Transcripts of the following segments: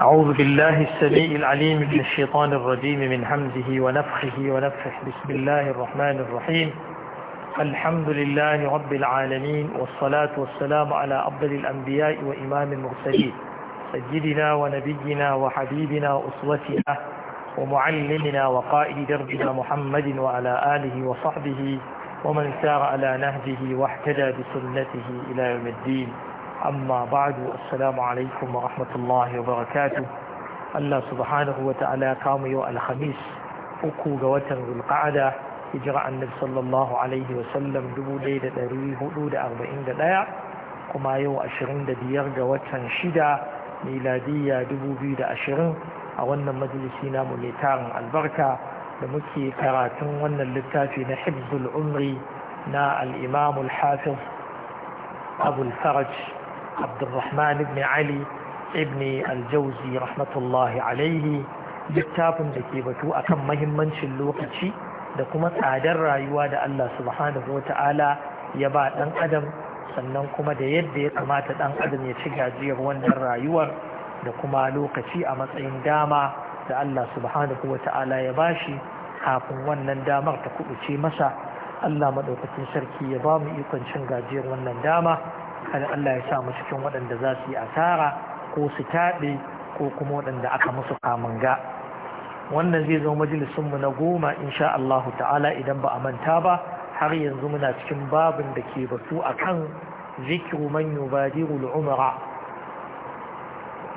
أعوذ بالله السميع العليم من الشيطان الرجيم من حمده ونفخه ونفخه بسم الله الرحمن الرحيم الحمد لله رب العالمين والصلاة والسلام على أفضل الأنبياء وإمام المرسلين سيدنا ونبينا وحبيبنا أسوتنا ومعلمنا وقائد دربنا محمد وعلى آله وصحبه ومن سار على نهجه واحتدى بسنته إلى يوم الدين أما بعد السلام عليكم ورحمة الله وبركاته الله سبحانه وتعالى قام يوم الخميس أكو جوات القعدة hijira annabi sallallahu alaihi wasallam 1441 kuma yau 25 ga watan 6 da ashirin a wannan majalisi namu mai tarin albarka da muke karatun wannan littafi na hibzul umri na al'imamul hafiz abul faraj عبد الرحمن بن علي ابن الجوزي رحمة الله عليه littafin da ke batu akan mahimmancin lokaci da kuma tsadar rayuwa da Allah subhanahu wa ta'ala ya ba ɗan adam sannan kuma da yadda ya kamata ɗan adam ya ci gajiyar wannan rayuwar da kuma lokaci a matsayin dama da Allah subhanahu wa ta'ala ya bashi kafin wannan damar ta kuɓuce masa Allah maɗaukacin sarki ya ba mu ikon cin gajiyar wannan dama kada Allah ya sa mu cikin waɗanda za su yi asara ko su taɓe ko kuma waɗanda aka musu ga wannan zai zo majalisunmu na goma insha Allahu ta'ala idan ba a manta ba har yanzu muna cikin babin da ke batu akan zikiru man yubadiru al'umara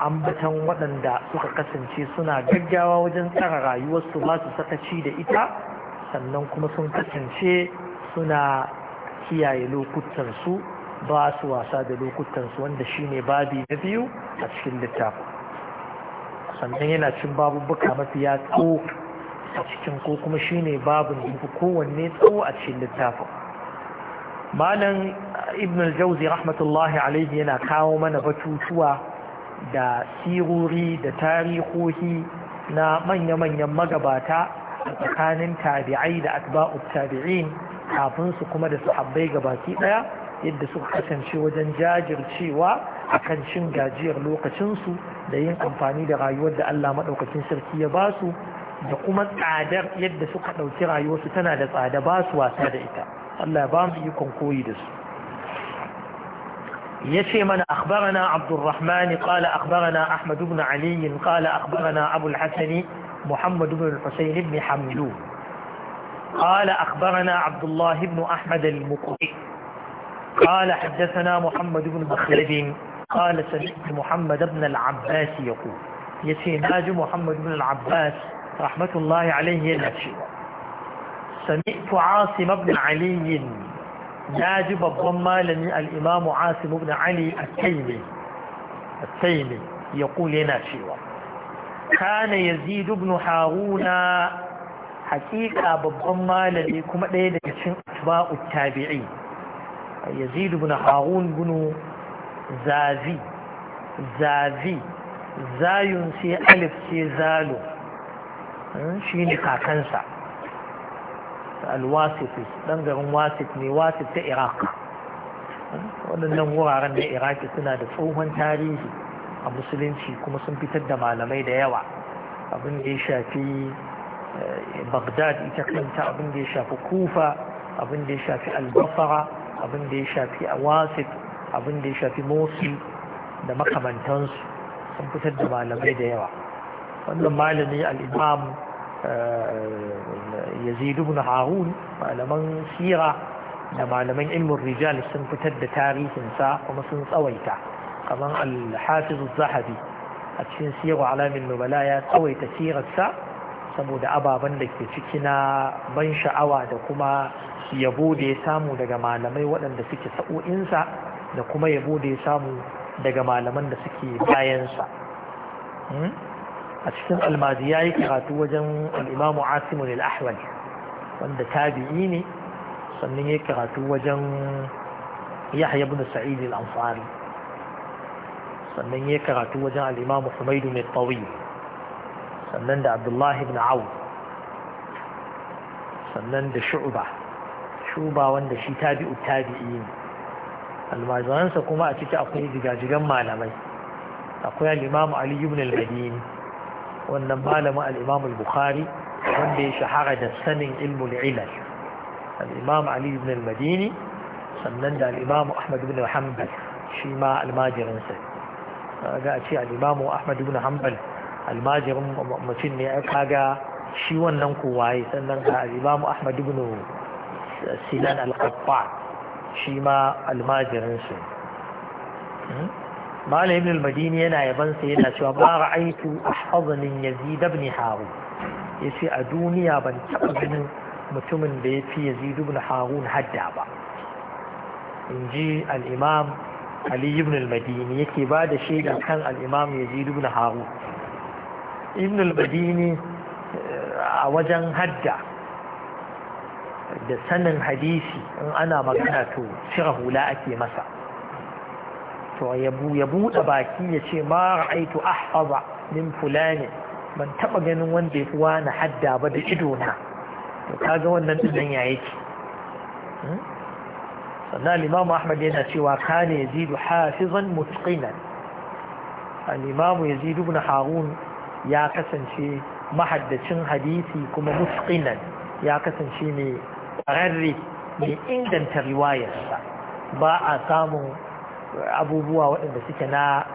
ambatan waɗanda suka kasance suna gaggawa wajen tsara rayuwarsu ba su sakaci da ita sannan kuma sun kasance suna kiyaye lokutan su. ba su wasa da lokutansu wanda shi ne babi na biyu a cikin littafin sannan yana cin babubuka mafiya tso a cikin ko kuma shi ne babin da kowanne tso a cikin littafin malam ibn al-jauzi rahmatullahi alaihi yana kawo mana batutuwa da sirori da tarihohi na manya-manyan magabata a tsakanin tabi'ai da atba'u tabi'in kafin su kuma da sahabbai gabaki daya yadda suka kasance wajen jajircewa a kan cin gajiyar lokacinsu da yin amfani da rayuwar da Allah maɗaukacin sarki ya ba su da kuma tsadar yadda suka ɗauki rayuwarsu tana da tsada ba su wasa da ita Allah ba mu ikon koyi da su يشي من أخبرنا عبد qala قال أخبرنا أحمد بن علي قال أخبرنا أبو الحسن muhammad بن الحسين بن حملو قال أخبرنا عبد الله بن أحمد قال حدثنا محمد بن مخلد قال سمعت محمد بن العباس يقول يتي ناج محمد بن العباس رحمة الله عليه ينشي سمعت عاصم بن علي ناجب الضمى لني الإمام عاصم بن علي التيمي التيمي يقول يناشي كان يزيد بن هارون حقيقة بالضمى لني كما ليدك شن أتباع التابعين Yazidu ibn harun ibn zazi zazi zayun sai alif sai zalo eh, shi ne kakansa alwasifi ɗan garin wasif ne wasif ta iraq eh, waɗannan wuraren da iraki suna da tsohon tarihi a musulunci kuma sun fitar da malamai da yawa abin da ya shafi eh, bagdad ita kanta abin da ya shafi kufa abin da ya shafi albafara abin da ya shafi a wasit abin da ya shafi motsi da makamantansu sun fitar da malamai da yawa wannan malami al'imam yazid ibn harun malaman sira da malaman ilmin rijal sun fitar da tarihinsa kuma sun tsawaita kamar al-hafiz zahabi a cikin siyar alamin nubala ya tsawaita sirarsa saboda ababen da ke ciki na ban sha'awa da kuma yabo da ya samu daga malamai waɗanda suke sa'o'insa da kuma yabo da ya samu daga malaman da suke bayansa hmm? a cikin almazi ya yi karatu wajen al'imamu asimun al'ahwal wanda tabi'i ne sannan ya yi karatu wajen yahya ibn sa'id al-ansari sannan ya yi karatu wajen al'imamu humaydu mai tawil sannan da abdullahi ibn awu sannan da shu'ba shuba wanda shi tabi'u tabi'i ne almajiransa kuma a ciki akwai jigajigan malamai akwai al'imamu ali ibn al-madini wannan malamin al'imamu al-bukhari wanda ya shahara da sanin ilmul ilal al'imamu ali ibn al-madini sannan da al'imamu ahmad ibn hanbal shi ma almajiransa ga a ce al'imamu ahmad ibn hanbal almajirin mutum ne ya kaga shi wannan yi sannan ga imamu ahmad ibn sinan al shi ma almajirin su hmm? malam ibn madini yana yabansa yana cewa ba ra'aitu ahfaz min yazid ibn harun yace a duniya ban taba ganin mutumin da ya fi yazid ibn harun hadda ba inji al-imam ali ibn al-madini yake ba da shaida kan al-imam yazid ibn harun ibn al-badini eh, a wajen hadda da sanin hadisi in ana magana to cire hula ake masa to ya buɗe baki ya ce ma ra'aitu ahfaza min fulani ban taɓa ganin wanda ya fi wani hadda ba da idona to kaga wannan ɗin ya yake hmm? sannan limamu ahmad yana cewa kane yazidu hafizan mutqinan al-imamu yazidu ibn harun ya kasance mahaddacin hadisi kuma musqinan ya kasance ne ƙararre mai inganta riwayarsa ba a samun abubuwa waɗanda suke na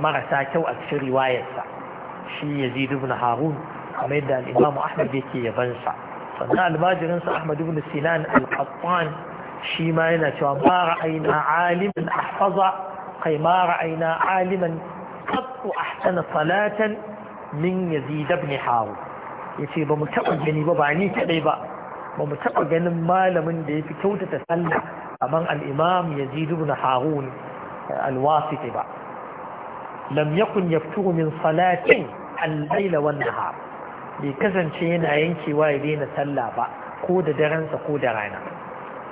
marasa kyau a cikin riwayarsa shi yazid ibn harun kamar yadda al-imam ahmad yake yabansa sannan almajirinsa ahmad ibn sinan al-qattan shi ma yana cewa ma ra'ayna aliman ahfaza kai ma ra'ayna aliman qattu ahsana salatan min yazid ibn haru yace ba mu taba gani ba ba ni kadai ba ba mu taba ganin malamin da yafi kyautata sallah kaman al-imam yazid ibn harun al-wasiti ba lam yakun yaftu min salatin al-layl wa nahar bai kasance yana yankewa ya daina sallah ba ko da daransa ko da rana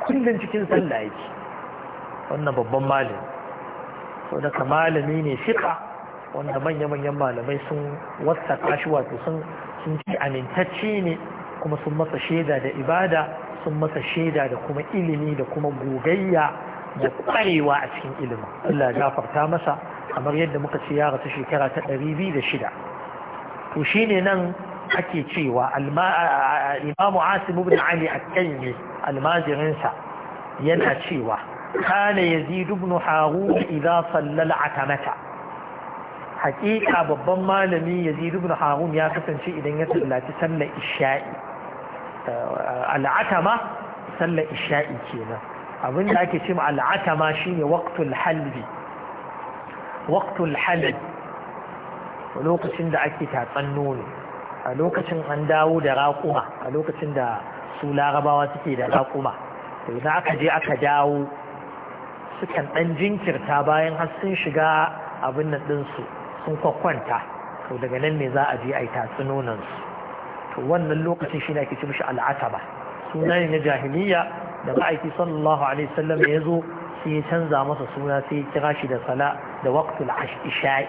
kullum cikin sallah yake wannan babban malami so daga malami ne fiqa wanda manya-manyan malamai sun wasa shi wato sun ci amintacce ne kuma sun masa shaida da ibada sun masa shaida da kuma ilimi da kuma gogayya da kwarewa a cikin ilimin Allah gafarta masa kamar yadda muka ce ya rasu shekara ta ɗari biyu da shida to shine nan ake cewa imamu asim ibn ali al-kaymi almajirinsa yana cewa kana yazid ibn harun idza sallal atamata hakika babban malami yazid ibn harun ya kasance idan ya sallaci sallar isha'i eh, al'atama sallar isha'i kenan abinda ake cewa al'atama shine waqtul halbi waqtul halbi lokacin da ake tatsan nono a lokacin an dawo da raƙuma a lokacin da su larabawa suke da raƙuma to idan aka je aka dawo sukan ɗan jinkirta bayan har sun shiga abin nan ɗinsu sun kwakwanta to daga nan ne za a je a yi tatsunonan su to wannan lokacin shi ne ake ce mishi al'ataba suna ne na jahiliya da ma'aiki sallallahu alaihi ya zo sai ya canza masa suna sai ya kira shi da sala da waqtul isha'i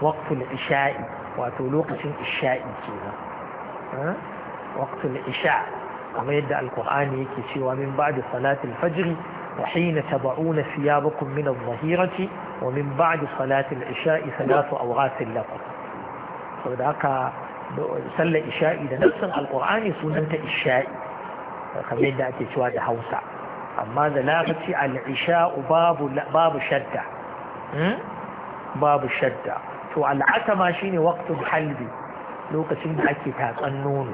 waqtul isha'i wato lokacin isha'i kenan waqtul isha'i kamar yadda alqur'ani yake cewa min ba'da salatil fajr wa hina tab'una thiyabakum min ومن بعد صلاة العشاء ثلاث أوغاث لكم فذاك سل إشاء إذا نفس القرآن سنة إشاء خمين دعتي شواد حوسع أما ذا لا العشاء باب, باب شدة باب الشدة to al'ata ma shi ne waktun halbi lokacin da ake tatsan nono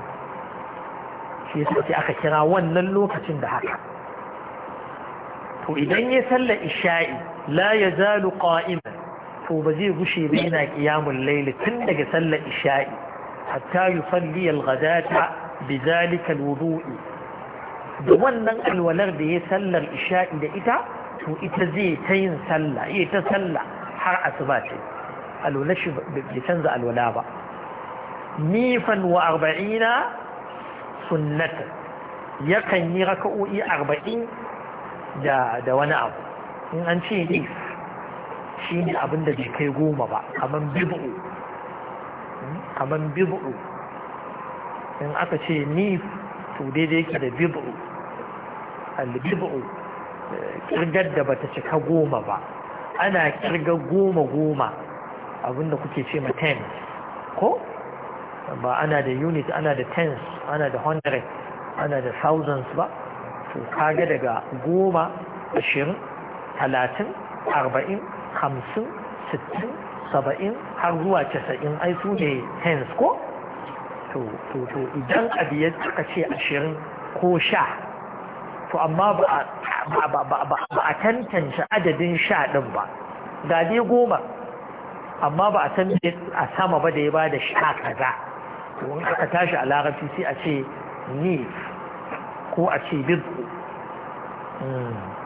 shi yasa sai aka kira wannan lokacin da haka to idan ya sallar isha'i la ya zalu qa'iman to ba zai gushe ba yana qiyamul layl tun daga sallar isha'i hatta yusalli al-ghadata bi zalika al-wudu'i da wannan alwalar da ya sallar isha'i da ita to ita zai ta yin ta sallah har asuba alwala shi bai canza alwala ba nifan wa arba'ina sunnatan yakan yi raka'o'i arba'in da wani abu in an ce ne shi ne abin da bai kai goma ba kamar bibu hmm? kamar bibu in aka ce ni to daidai yake da bibu albibu eh, kirgar da bata cika goma ba ana kirga goma goma abinda kuke ce ma tens ko ba ana da unit ana da tens ana da hundred ana da thousands ba to kaga daga goma ashirin talatin arba'in hamsin sittin saba'in har zuwa casa'in ai su ne hens ko to idan abu ya suka ce ashirin ko sha to amma ba a tantance adadin sha ɗin ba ga dai goma amma ba a san a sama ba da ya ba da sha kaza to in aka tashi a larabci sai a ce ni ko a ce bid'u hmm.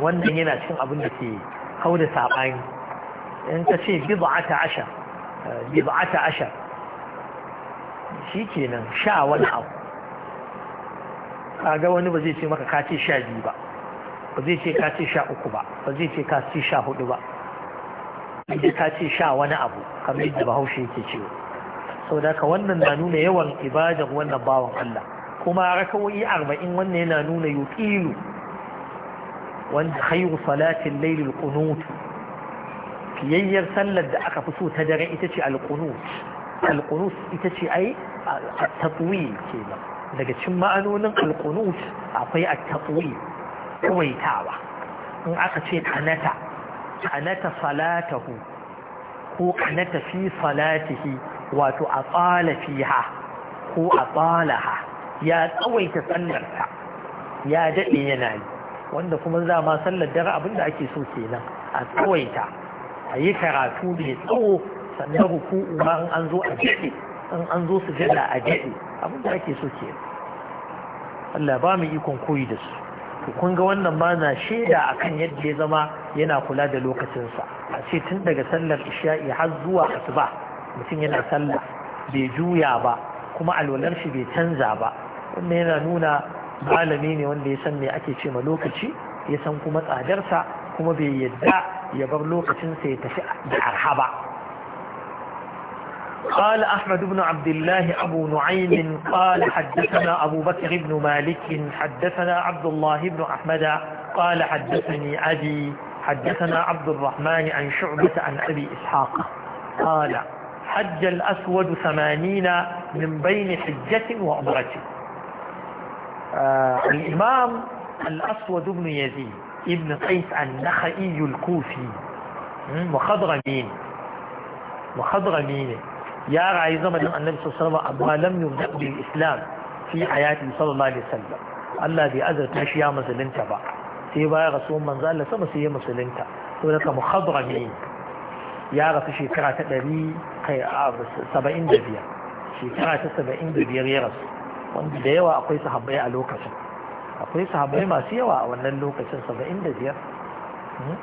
wannan yana cin abin da ke hau da saɓani in ka ce bid'ata ashar bid'ata asha shi kenan sha wani abu kaga wani ba zai ce maka ka ce sha biyu ba ba zai ce ka ce sha uku ba ba zai ce ka ce sha hudu ba inda ka ce sha wani abu kamar yadda bahaushe yake cewa sau da ka wannan na nuna yawan ibadar wannan bawan Allah kuma rakawoyi arba'in wannan yana nuna yuqilu wanda haihu salatin layl al-qunut sallar da aka fi so ta dare ita ce al-qunut al-qunut ita ce ai at-tatwi daga cin ma'anonin al akwai at-tatwi kuwaitawa in aka ce kanata kanata salatahu ko kanata fi salatihi wato a tsala fiha ko a ha, ya tsawaita sallarsa ya daɗe yana yi wanda kuma za ma sallar dare abinda ake so kenan a tsawaita a yi karatu mai tsawo sannan ruku, ma in an zo a jade in an zo su jada a jade abinda ake so kenan Allah ba mu ikon koyi da su to kun ga wannan ma na shaida akan yadda ya zama yana kula da lokacinsa a ce tun daga sallar isha'i har zuwa asuba mutum yana sallah bai juya ba kuma alwalar shi bai canza ba wannan yana nuna malami ne wanda ya san me ake ce ma lokaci ya san kuma tsadarsa kuma bai yadda ya bar lokacinsa ya tafi da arhaba قال أحمد بن عبد الله أبو نعيم قال حدثنا أبو بكر بن مالك حدثنا عبد الله بن أحمد قال حدثني أبي حدثنا عبد الرحمن عن شعبة عن أبي إسحاق قال حج الأسود ثمانين من بين حجة وعمرة آه الإمام الأسود بن يزيد ابن قيس النخعي الكوفي وخضرمين مين يا رعي زمن النبي صلى الله عليه وسلم أبوها لم يبدأ بالإسلام في حياته صلى الله عليه وسلم الله بي أزر تاشي يا بقى با سيبا يا رسول من زال سما سي مسلمتا ولك مخضرمين يا رسول شكرا تدري سبعين دبيا شكرا تسبعين دبيا يا رسول wanda da yawa akwai sahabbai a lokacin akwai sahabbai masu yawa a wannan lokacin saba'in da biyar hmm?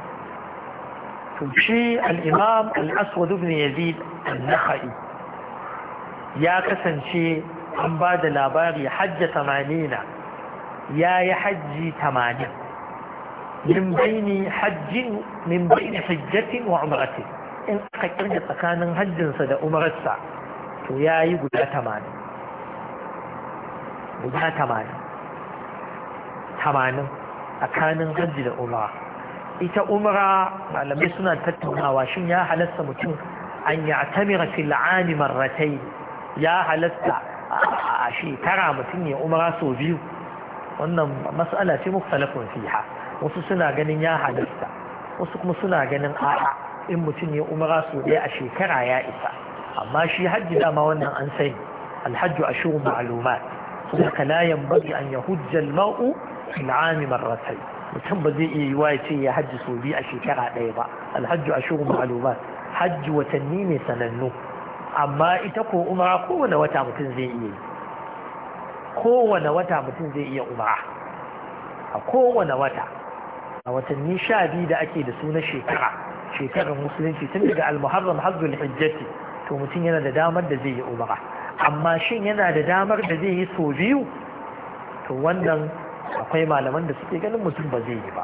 to shi al'imam al'aswad ibn yazid al-nakha'i ya kasance an ba da labari hajja tamanina ya yi hajji tamanin min baini hajjin min baini hajjatin wa umratin in aka kirga tsakanin hajjinsa da umararsa to ya yi guda tamanin guda tamanin tsakanin hajji da umra ita umra malamai suna tattaunawa shin ya halasta mutum an ya tamira fil'ani marratai ya halasta a shekara mutum ya umra sau biyu wannan matsala ce muktalafin fiha wasu suna ganin ya halasta wasu kuma suna ganin a'a in mutum ya umara sau ɗaya a shekara ya isa amma shi hajji dama wannan an sani alhajju ashurun ma'lumat haka la yanbaghi an yahujja al-mar'u fil 'ami marratayn mutum ba zai iya yi wa ya ce ya hajji sau biyu a shekara ɗaya ba alhajju a shirin ma'alumat hajji watanni ne sanannu amma ita ko umara kowane wata mutum zai iya yi kowane wata mutum zai iya umara a kowane wata a watanni sha biyu da ake da su na shekara shekarar musulunci tun daga almuharram hazzul hijjati to mutum yana da damar da zai yi umara amma shin yana da damar da zai yi so biyu to wannan akwai malaman da suke ganin mutum ba zai yi ba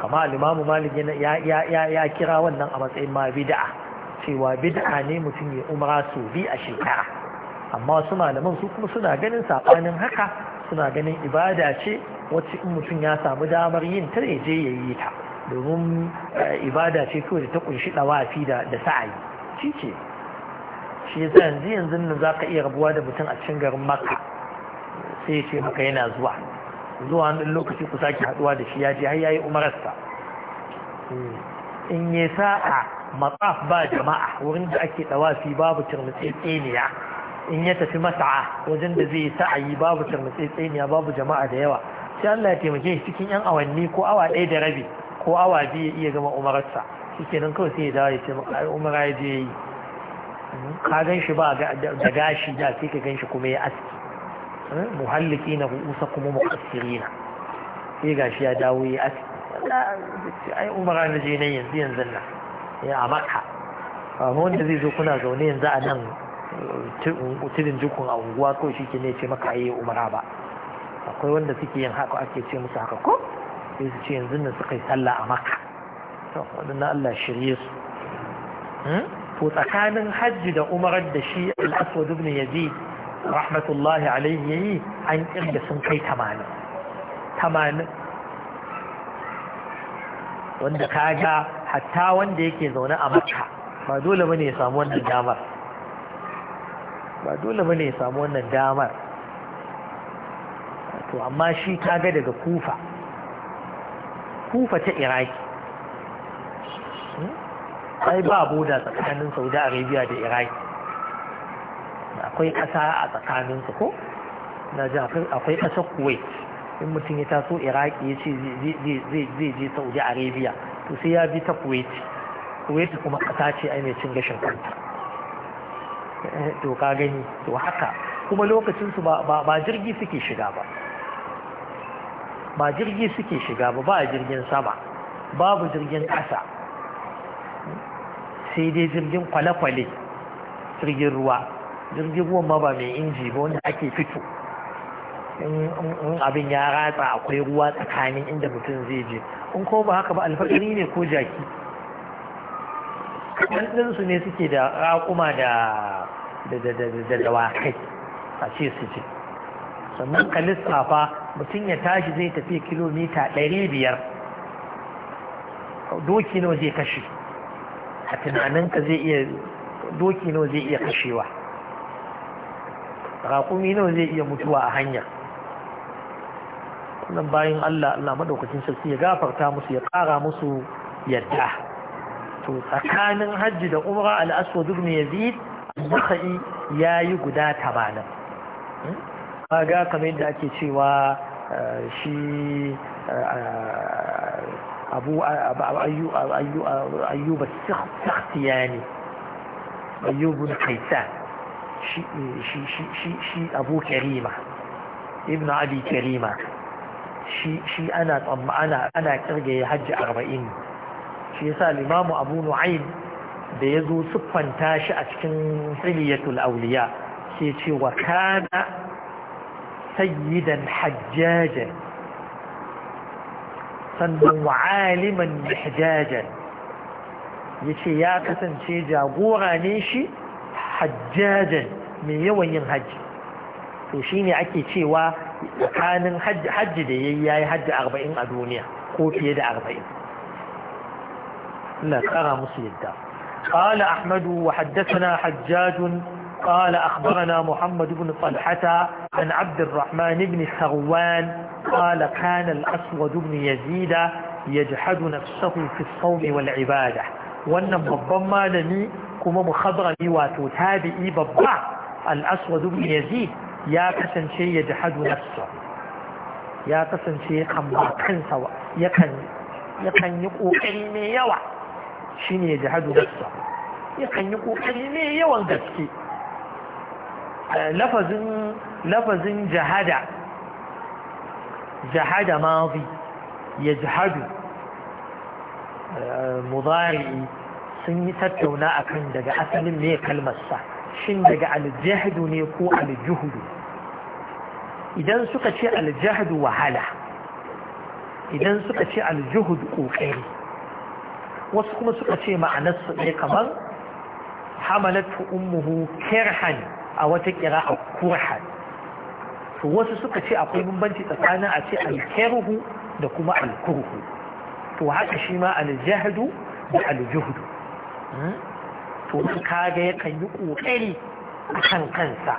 kama alimamu malik ya kira wannan a matsayin ma bida'a. cewa bida'a ne mutum ya umara so biyu a shekara amma wasu malaman su kuma suna ganin saɓanin haka suna ganin ibada ce wacce in mutum ya samu damar yin ta ne je ya yi ta domin eh, ibada ce kawai da ta kunshi ɗawafi da sa'ayi shi ce shi yasa yanzu yanzu nan za ka iya rabuwa da mutum a cikin garin maka sai ya ce maka yana zuwa zuwa wani lokaci ku sake haduwa da shi ya je har yayi umararsa in ya sa'a matsaf ba jama'a wurin da ake tsawafi babu turmutse tseniya in ya tafi masa'a wajen da zai sa'ayi babu turmutse tseniya babu jama'a da yawa sai Allah ya taimake shi cikin yan awanni ko awa ɗaya da rabi ko awa biyu ya iya gama umararsa shikenan kawai sai ya dawo ya ce maka umara ya je yi ka gan shi ba da gashi da sai ka gan shi kuma ya aski eh, muhalliki na ru'usa kuma mukassiri na sai gashi ya dawo ya aski ai umara na je ne yanzu yanzu na ya a maka amma wanda zai zo kuna zaune yanzu a nan eh, tudin jukun a unguwa ko shi ke ne ce maka ayi umara ba akwai wanda suke yin haka ake ce musu haka ko sai su ce yanzu nan suka yi sallah a maka to wadannan Allah shirye su hmm? to tsakanin hajji da umarar da shi al'aswad ya ji rahmatullahi alaihi yi an kirga sun kai tamanin tamanin wanda ka ga, hatta wanda yake zaune a makka ba dole bane ya samu wannan damar ba dole bane ya samu wannan damar to amma shi ka ga daga kufa kufa ta iraki hmm? sai ba boda tsakanin saudi arabia da iraki akwai ƙasa a tsakaninsu ko na ji akwai ƙasar kuwait in mutum ya taso iraki ya ce zai je saudi arabia to sai ya bi ta kuwait kuwait kuma ƙasa ce ai mai cin gashin kanta eh, to ka gani to haka kuma lokacinsu ba jirgi suke shiga ba ba jirgi suke shiga ba ba jirgin sama babu jirgin ƙasa sai dai jirgin kwale-kwale jirgin ruwa jirgin ruwan ma ba mai inji ba wanda ake fito in abin ya ratsa akwai ruwa tsakanin inda mutum zai je in ko ba haka ba alfakari ne ko jaki kaɗan su ne suke da raƙuma da dawakai a ce su je sannan ka lissafa mutum ya tashi zai tafi kilomita 500 doki nawa zai kashe a tunaninka zai iya doki nawa zai iya kashewa raƙumi nawa zai iya mutuwa a hanya wannan bayan Allah Allah madaukakin sarki ya gafarta musu ya ƙara musu yadda to tsakanin hajji da umra al-aswad ibn yazid an ya yayi guda 80 hmm? kaga kamar yadda ake cewa eh, shi eh, abu ayyuba sakhtiyani ayyubun shi abu karima ibn abi karima shi ana tsammana ya hajji arba'in shi yasa limamu abu nu'ayn da ya zo siffanta shi a cikin siliyatul auliya sai ce wa kana sayyidan hajjajen sannan wa aliman ya yace ya kasance jagora ne shi hajjajan mai yawan yin hajji to shine ake cewa tsakanin hajji da yayi yi hajji arba'in a duniya ko fiye da arba'in. na kara musu yadda قال أحمد وحدثنا hajjajun. قال أخبرنا محمد بن طلحة عن عبد الرحمن بن ثروان قال كان الأسود بن يزيد يجحد نفسه في الصوم والعبادة wannan babban malami kuma mukhadrami wato tabi'i babba al-aswad ibn yazid ya kasance ya jihadu nafsa ya kasance amma kansa yakan yi kokari yawa shine ya jihadu nafsa yakan yi kokari mai yawan gaske lafazin lafazin jahada jahada mazi yajhadu eh, mudari sun yi tattauna akan daga asalin ne kalmar shin daga aljahdu ne ko aljuhudu idan suka ce aljahdu wahala idan suka ce aljuhudu ƙoƙari wasu kuma suka ce ma'anarsu ne kamar hamalatu ummuhu kirhan a wata kira a kurha to wasu suka ce akwai bambanci tsakanin a ce alkeruhu da kuma alkurhu to haka shi ma aljahdu da aljuhdu hmm? to su kaga ya kan yi kokari a kan kansa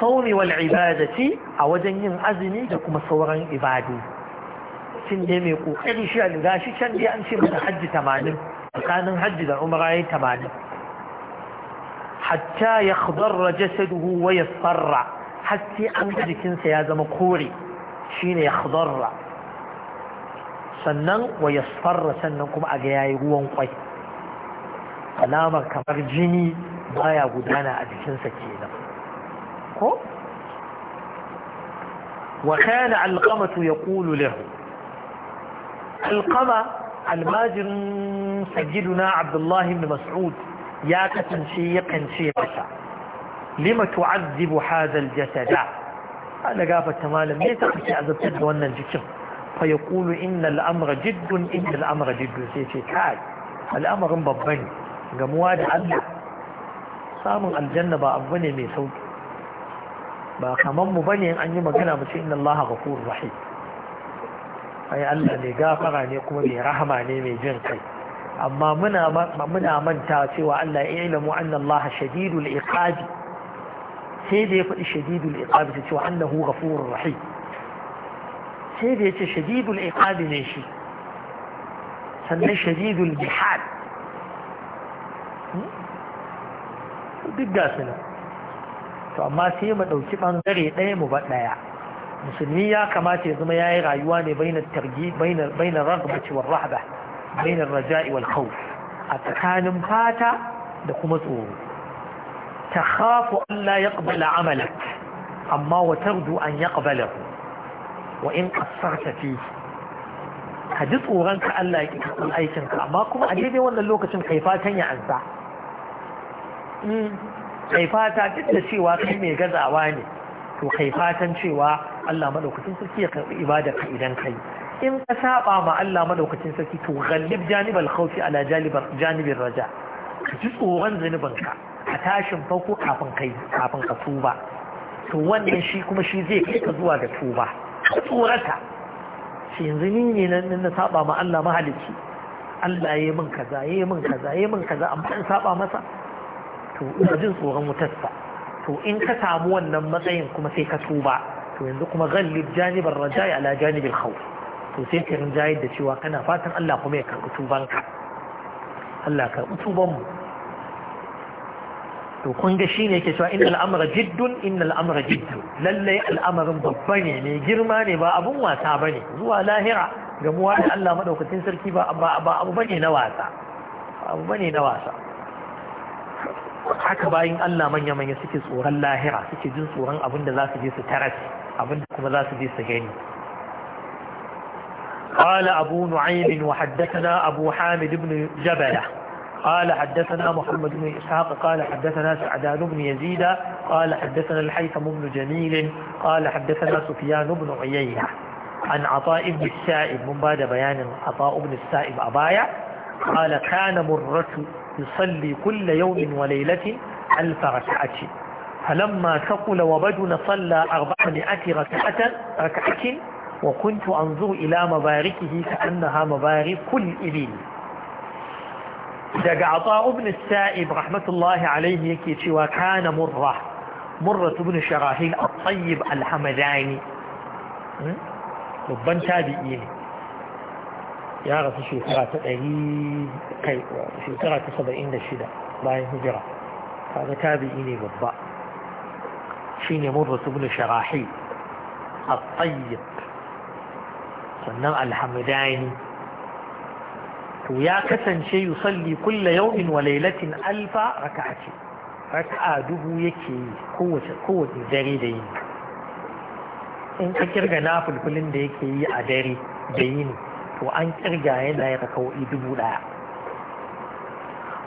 saumi wal ibadati a wajen yin azumi da kuma sauran ibadu sun dai mai kokari shi a shi can dai an ce masa hajji tamanin tsakanin hajji da umara ya tamanin atta ya jasadu jasaduhu wa yasfarra har sai an ga ya zama kore shine ya sannan wa yasfarra sannan kuma a ga yayi ruwan kwai alamar kamar jini baya gudana a jikinsa kenan ko wa kana alqamatu yaqulu lahu alqama almajin sajiduna abdullahi ibn mas'ud ya kasance yakan ce masa lima tu'azzibu hadha al-jasada ana gafarta malam me yasa kake azabtar da wannan jikin fa yaqulu inna al-amra jiddun inna al jiddun sai ce kai al'amarin babban gamuwa da Allah samun aljanna ba abu ne mai sauki ba kaman mu bane an yi magana mu ce inna Allah ghafurur rahim ai Allah ne gafara ne kuma mai rahama ne mai jin kai أما من أمنت سوى لا اعلموا أن الله شديد العقاب يقول شديد العقاب سوى أنه غفور رحيم سيديك شديد العقاب نيشي سنة شديد المحال بقاسنا فأما سيما لو تبعن غري ايه مبادايا مسلمية كما تيزم يا ايغا يواني بين الترجيب بين, بين الرغبة والرهبة bainar raja'i wal a tsakanin fata da kuma tsoro ta khafu Allah ya ƙabala amalak amma wa tardu an ya ƙabala wa in ƙasarta ka ji tsoron Allah ya ƙi aikinka amma kuma a daidai wannan lokacin kai fatan ya ansa kai fata duk da cewa kai mai gazawa ne to kai fatan cewa Allah maɗaukacin sarki ya karɓi ibada ka idan kai in ka saba ma Allah madaukakin sarki to ghallib janibal khawfi ala janibin raja ka ji tsoron ka a tashin farko kafin kai kafin ka tuba to wannan shi kuma shi zai kai ka zuwa ga tuba ka tsorata shi yanzu ni ne nan na saba ma Allah mahalicci Allah ya yi min kaza ya yi min kaza ya yi min kaza amma in saba masa to ina jin tsoron wutarsa to in ka samu wannan matsayin kuma sai ka tuba to yanzu kuma ghallib janibar raja'i ala janibin khawf to sai ka rinjayar da cewa kana fatan Allah kuma ya karɓi tubanka Allah karɓi tubanmu to kun ga shi ne ke cewa innal al’amura jiddun innal al'amura jiddun lallai al'amarin babba ne mai girma ne ba abun wasa ne zuwa lahira gamuwa da Allah maɗaukacin sarki ba ba abu bane na wasa abu ne na wasa haka bayan Allah manya-manya suke tsoron lahira suke jin tsoron abin da za su je su taras abin da kuma za su je su gani قال أبو نعيم وحدثنا أبو حامد بن جبلة قال حدثنا محمد بن إسحاق قال حدثنا سعدان بن يزيد قال حدثنا الحيثم بن جميل قال حدثنا سفيان بن عيينة عن عطاء بن السائب من بعد بيان عطاء بن السائب أبايع قال كان مرة يصلي كل يوم وليلة ألف ركعة فلما ثقل وبدن صلى أربعمائة ركعة ركعة وكنت انظر الى مباركه كانها مبارك كل ابيل دقى عطاء ابن السائب رحمة الله عليه يكيتي وكان مره مره ابن شراهيل الطيب الحمداني ربا تابعين يا رب شو ترى ك ر ا ت قريب ش الشده لا ينهجر هذا تابعيني ربا شين مره ابن شراحيل الطيب Wannan alhamdani to ya kasance yusalli kulla yawmin wa lailatin alfa raka'ati raka'a dubu yake yi kowace kowace dare da yini in ka kirga nafulfulin da yake yi a dare da yini to an kirga yana ya raka'o'i dubu daya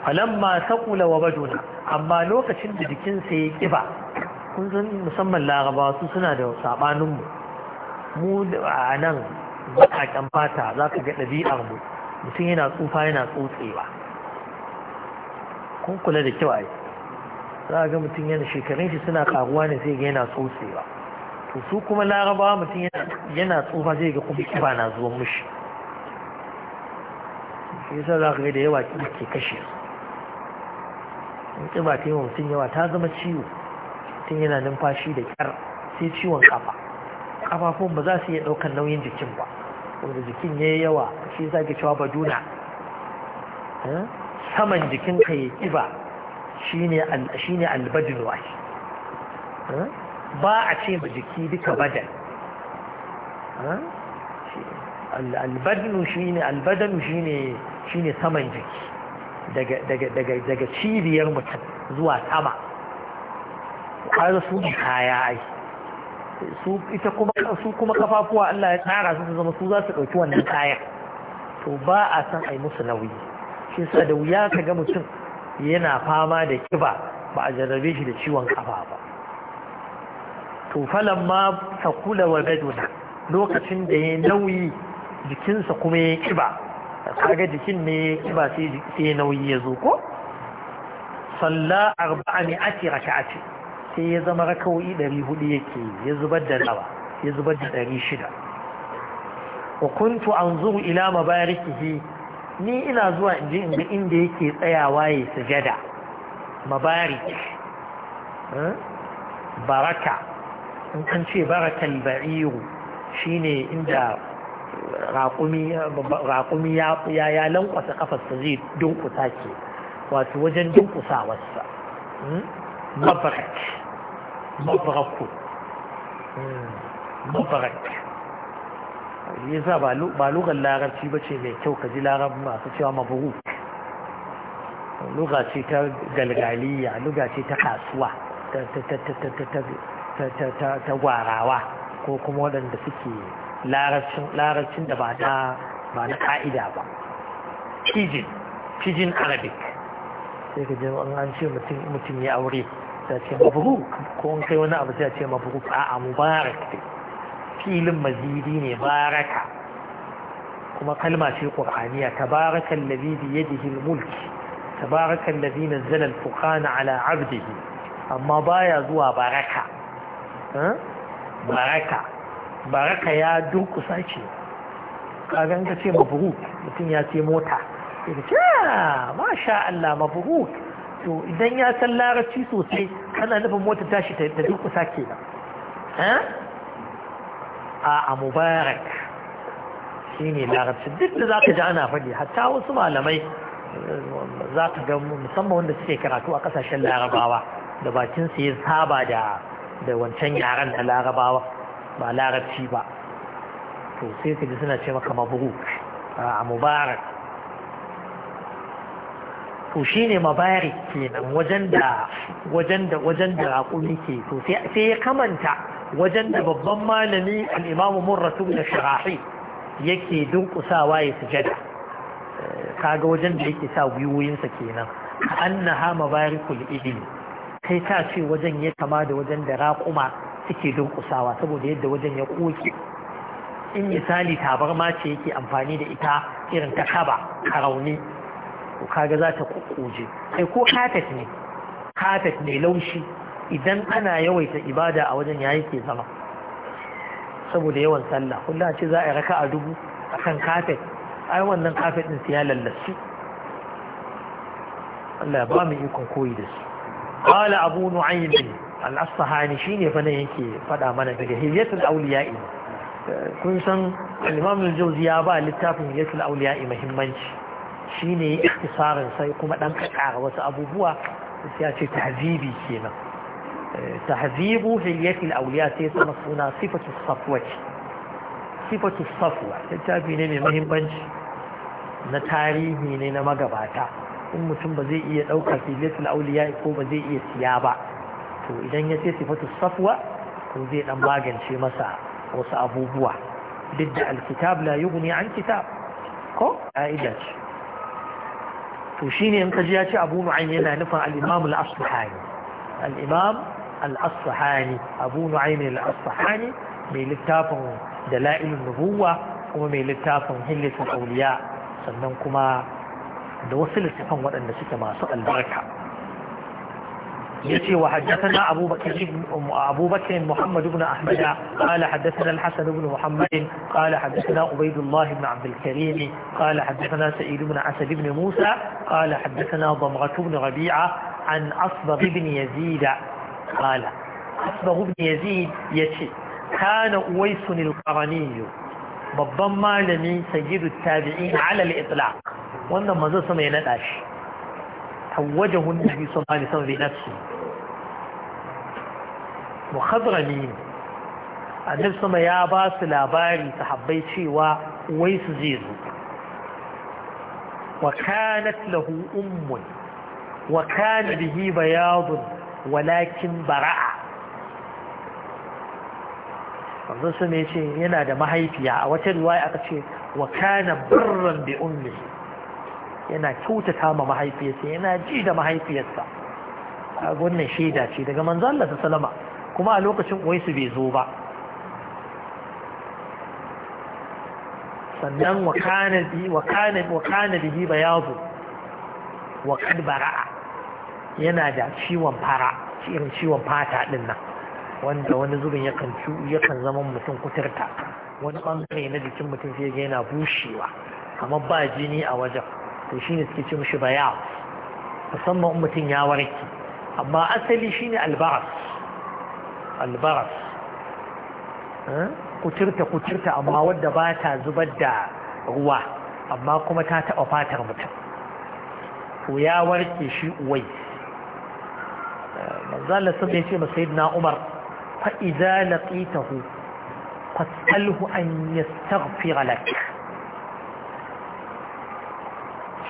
falamma saqula wa baduna amma lokacin da jikinsa ya kiba kun san musamman laraba su suna da saɓanin mu mu a nan baƙaƙen fata za ka ga ɗabi'ar mu mutum yana tsufa yana tsotsewa kun kula da kyau yi za ga mutum yana shekarun shi suna karuwa ne sai ga yana tsotsewa to su kuma larabawa mutum yana tsufa zai ga kuma kiba na zuwa mushi shi yasa za ka ga da yawa kiba ke kashe su in kiba ta yi wa mutum yawa ta zama ciwo mutum yana numfashi da kyar sai ciwon kafa kafafun ba za su iya ɗaukar nauyin jikin ba wanda jikin ya yawa shi za ki cewa juna. Eh? saman jikin ka ya kiba shi ne albadin washi eh? ba a ce ba jiki duka badan eh? albadin shi ne saman jiki daga cibiyar mutum zuwa sama ƙwarar su kaya ai su ita kuma su kafafuwa Allah ya tsara su zama su za su ɗauki wannan kayan to ba a san ai musu nauyi shi sa da wuya ka ga mutum yana fama da kiba ba a jarrabe shi da ciwon kafa ba to falan ma sakula wa baduna lokacin da ya nauyi jikinsa kuma ya kiba kaga jikin ne ya kiba sai nauyi ya zo ko salla arba'a ati raka'ati sai ya zama raka'o'i 400 yake ya zubar da nawa ya zubar da 600 wa kuntu anzuru ila mabarikihi ni ina zuwa inji inda inda yake tsayawa ya sujada mabarik eh, baraka in kan ce barakal ba'iru shine inda raƙumi ya lankwasa kafarsa zai dunkusa ke wato wajen dunkusa wasa hmm? mabarak Mabarak, ya yasa ba lugar larabci ba ce mai kyau ka ji larab masu cewa mafaru luga ta galgaliya luga ce ta kasuwa ta gwarawa ko kuma waɗanda suke larabcin da ba na ka'ida ba pidgin pidgin arabic sai ka ji an ce mutum ya aure ta ce mabruk ko in kai wani abu ta ce mabruk a'a mubarak ne filin mazidi ne baraka kuma kalma ce qur'aniya tabarakal ladhi bi yadihi al-mulk tabarakal ladhi nazzala al ala 'abdihi amma baya zuwa baraka baraka baraka ya durkusa ce kagan ka ce mabruk mutum ya ce mota ya ce masha Allah mabruk to idan ya san larabci sosai kana nufin mota tashi ta kusa ke nan a a mubarak shi ne larabci duk da za ka ji ana faɗi hatta wasu malamai za ka ga musamman wanda suke karatu a ƙasashen larabawa da bakin su ya saba da da wancan yaren na larabawa ba larabci ba to sai ka ji suna ce maka mabruk a mubarak to shi ne mabarik kenan wajen da wajen da raƙumi ke to sai ya kamanta wajen da babban malami al'imamu murratu da shirahi yake dunkusawa ya sujada eh, kaga wajen da yake sa gwiwoyinsa kenan annaha mabarikul idil kai ta ce wajen ya kama da wajen da raƙuma suke dunkusawa saboda yadda wajen ya koke in misali tabarma ce yake amfani da ita irin ta kaba rauni kaga za ta kukkuje sai ko katat ne katat ne laushi idan ana yawaita ibada a wajen yayi ke zama saboda yawan sallah kullum ce za a raka a dubu akan kafet ai wannan kafet din su ya lallasu Allah ba mu ikon koyi da su qala abu nu'aym al-asfahani shine fa yake fada mana daga hiyatul awliya'i kun san al-imam ya ba littafin hiyatul awliya'i muhimmanci shine iktisarin sai kuma ɗan kakara wasu abubuwa sai ya ce tahzibi kenan eh, tahzibu hilyati al-awliya sai sama suna sifatu safwa sifatu safwa littafi ne mai mahimmanci na tarihi ne na magabata in mutum ba zai iya ɗauka hilyati al ko ba zai iya siya ba to idan ya ce sifatu safwa to zai ɗan magance masa wasu abubuwa duk da alkitab la yughni an kitab ko ka'ida ce to ne in kaji ya ce abu yana nufin al-imam al-asfahani al abu mai littafin dalailun nubuwa kuma mai littafin hillatul auliya sannan kuma da wasu littafan waɗanda suke masu albarka يتي وحدثنا أبو بكر أبو بكر محمد بن أحمد قال حدثنا الحسن بن محمد قال حدثنا عبيد الله بن عبد الكريم قال حدثنا سعيد بن عسد بن موسى قال حدثنا ضمغة بن ربيعة عن أصبغ بن يزيد قال أصبغ بن يزيد يتي كان أويس القرني babban malami sayyidu tabi'in ala al-itlaq wannan manzo sama ya nada shi زوجه النبي صلى الله عليه وسلم بنفسه مخضرمين annabi sama ya ba su labari sahabbai cewa wai su zai zo wa kanat lahu ummun wa kana bihi bayadun walakin bara'a wanzu ne ce yana da mahaifiya a wata riwaya aka ce wa kana birran bi ummihi yana kyautata ma mahaifiyarsa yana ji da mahaifiyarsa a wannan shaida ce daga manzan Allah salama, kuma a lokacin uwaisu bai zo ba sannan wa wakana bihi wa wakad bara'a yana da ciwon fara irin ciwon fata din nan wanda wani zubin yakan zama mutum kuturta wani bangare na jikin mutum sai ga yana bushewa kamar ba jini a wajen to shine suke ce mishi baya musamman mutum ya warke amma asali shine albaras albaras eh? kuturta kuturta amma wadda ba ta zubar da ruwa amma kuma ta taɓa fatar mutum to ya warke shi uwai eh, manzala sun ya ce masayid na umar fa'iza laƙitahu fasalhu an yastaghfira lak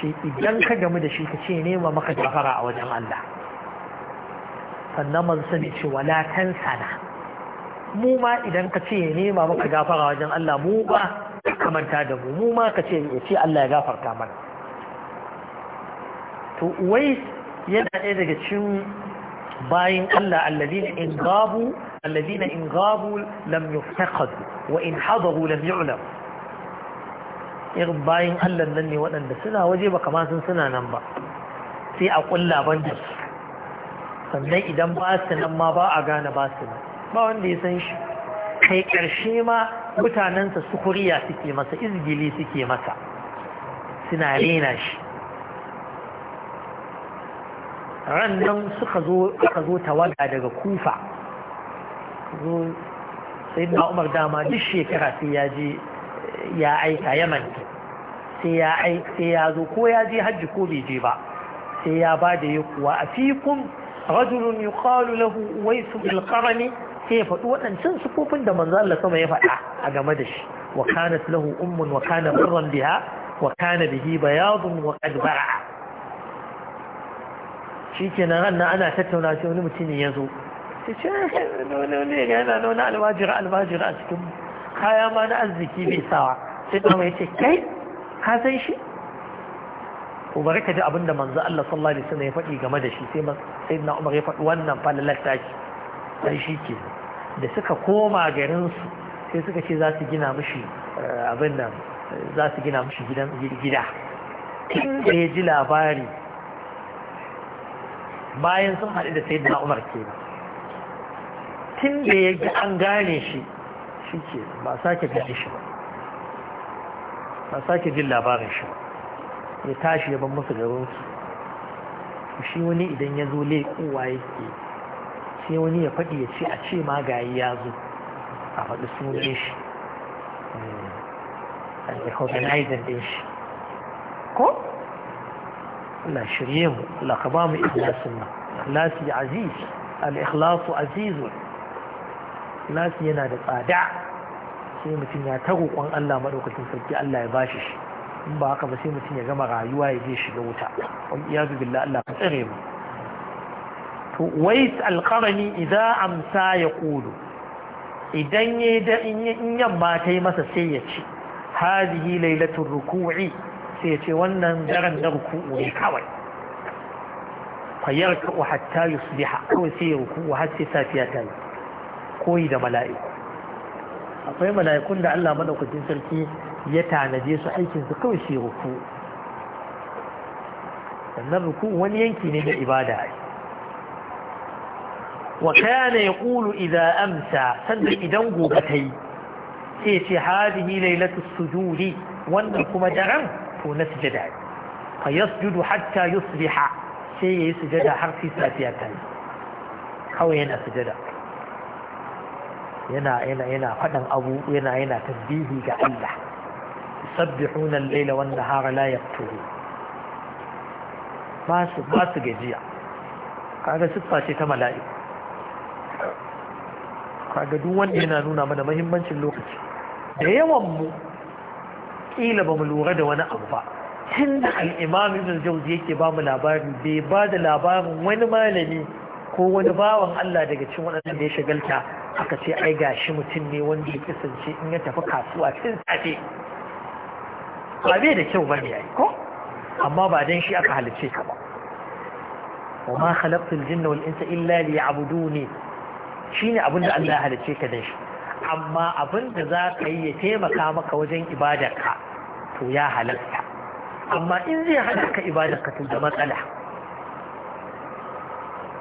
ce idan ka gami da shi ka ce nema maka gafara a wajen Allah sannan manzo sani ce wala tan sana mu ma idan ka ce nema maka gafara a wajen Allah mu ba ka manta da mu mu ma ka ce ya ce Allah ya gafarta mana to wai yana ɗaya daga cikin bayin Allah alladina in gabu alladina in gabu lam yuftaqad wa in hadaru lam yu'lam irin bayan allah nan ne waɗanda suna waje ba kama sun suna nan ba sai a ƙulla ban da su sannan idan ba su nan ma ba a gane ba su nan ba wanda ya san shi kai ƙarshe ma mutanensa sukuriya suke masa izgili suke masa suna rena shi ran nan suka zo aka zo tawaga daga kufa zo sai na umar dama duk shekara sai ya je ya aika ya sai ya zo ko ya je hajji ko bai je ba sai ya ba da ya kuwa a fikun rajulun yuqalu lahu waisu bil qarni sai ya faɗi waɗancan sufofin da manzo Allah sama ya faɗa a game da shi wa kanat lahu ummun wa kana birran biha wa kana bihi bayadun wa qad bara'a shikenan ran ana tattauna sai wani mutumin ya zo sai ce eh, ne ga yana nuna albajira albajira a cikin mu kaya ma na arziki bai sawa sai ɗan ya ce kai ka san shi ko bari ka ji abin da manzo Allah sallallahu alaihi wasallam ya faɗi game da shi sai sai na Umar ya faɗi wannan falalar taki sai shi ke da suka koma garin su sai suka ce za su gina mishi eh, abin nan za su gina mishi gidan gida da ya ji labari bayan sun haɗu da sayyidina Umar ke tun da ya ji an gane shi shi ke ba sake gani shi ba ba sake jin labarin shi ba ya tashi ya ban musu garinsu shi wani idan ya zo leƙowa yake sai wani ya faɗi ya ce a ce ma gayi ya zo a faɗi sunan shi hmm. a recognizing ɗin shi ko? Allah shirye mu Allah ka ba mu ikhlasin nan ikhlasi aziz al-ikhlasu azizun ikhlasi yana da tsada sai mutum ya ta roƙon Allah madaukakin sarki Allah ya bashi shi in ba haka ba sai mutum ya gama rayuwa ya je shiga wuta wal iyazu billah Allah ka tsare mu to wais alqarani idza amsa yaqulu idan ya da in yamma ta yi masa sai ya ce hadihi lailatul ruku'i sai ya ce wannan daren na ruku'u ne kawai fayarka hatta yusbiha kawai sai ya ruku'u har sai safiya ta yi koyi da mala'iku akwai mala'ikun da Allah madaukakin sarki ya tanaje su aikin su kawai shi ruku sannan ruku wani yanki ne na ibada wa kana yaqulu idza amsa sannan idan gobe tai sai ce hadihi lailatu sujudi wannan kuma daren to na sujada fa yasjudu hatta yusbiha sai yayi sujada har sai safiya ta kawai yana sujada yana yana yana faɗin abu yana yana tasbihi ga Allah sabbihuna al-laila wanda nahara la yafturu ba su ba su gajiya kaga siffa ce ta mala'iku kaga duk wanda yana nuna mana mahimmancin lokaci da yawan mu kila ba mu lura da wani abu ba tun da al'imam ibn yake ba mu labari bai ba da labarin wani malami ko wani bawan Allah daga cikin waɗanda da ya shagalta aka ce ai gashi mutum ne wanda ya kasance in ya tafi kasuwa cikin safe ba bai da kyau bane yayi ko amma ba dan shi aka halice ka ba wa ma khalaqtul jinna wal insa illa liya'buduni shine abin da Allah ya halice ka dan shi amma abin da za ka yi ya taimaka maka wajen ibadarka to ya halatta amma in zai hana ka ibadarka to da matsala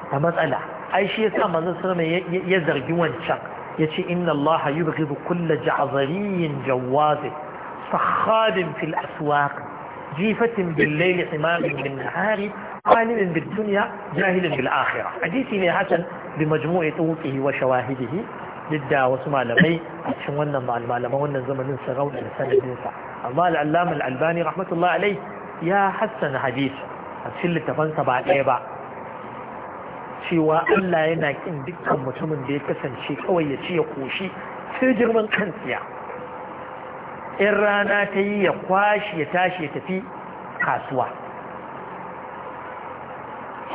da matsala أي شيء سامة نصرم يزرق وانشق يتي إن الله يبغض كل جعظري جواز صخاب في الأسواق جيفة بالليل حمار بالنهار عالم بالدنيا جاهل بالآخرة حديثي يا حسن بمجموع طوقه وشواهده جدا وسمع لبي أتشونا مع المعلمة زمن سغون لسنة نوسع الله العلام الألباني رحمة الله عليه يا حسن حديث أتشل التفنس بعد إيه cewa Allah yana kin dukkan mutumin da ya kasance kawai ya ci ya koshi sai girman kan in rana ta yi ya kwashi ya tashi ya tafi kasuwa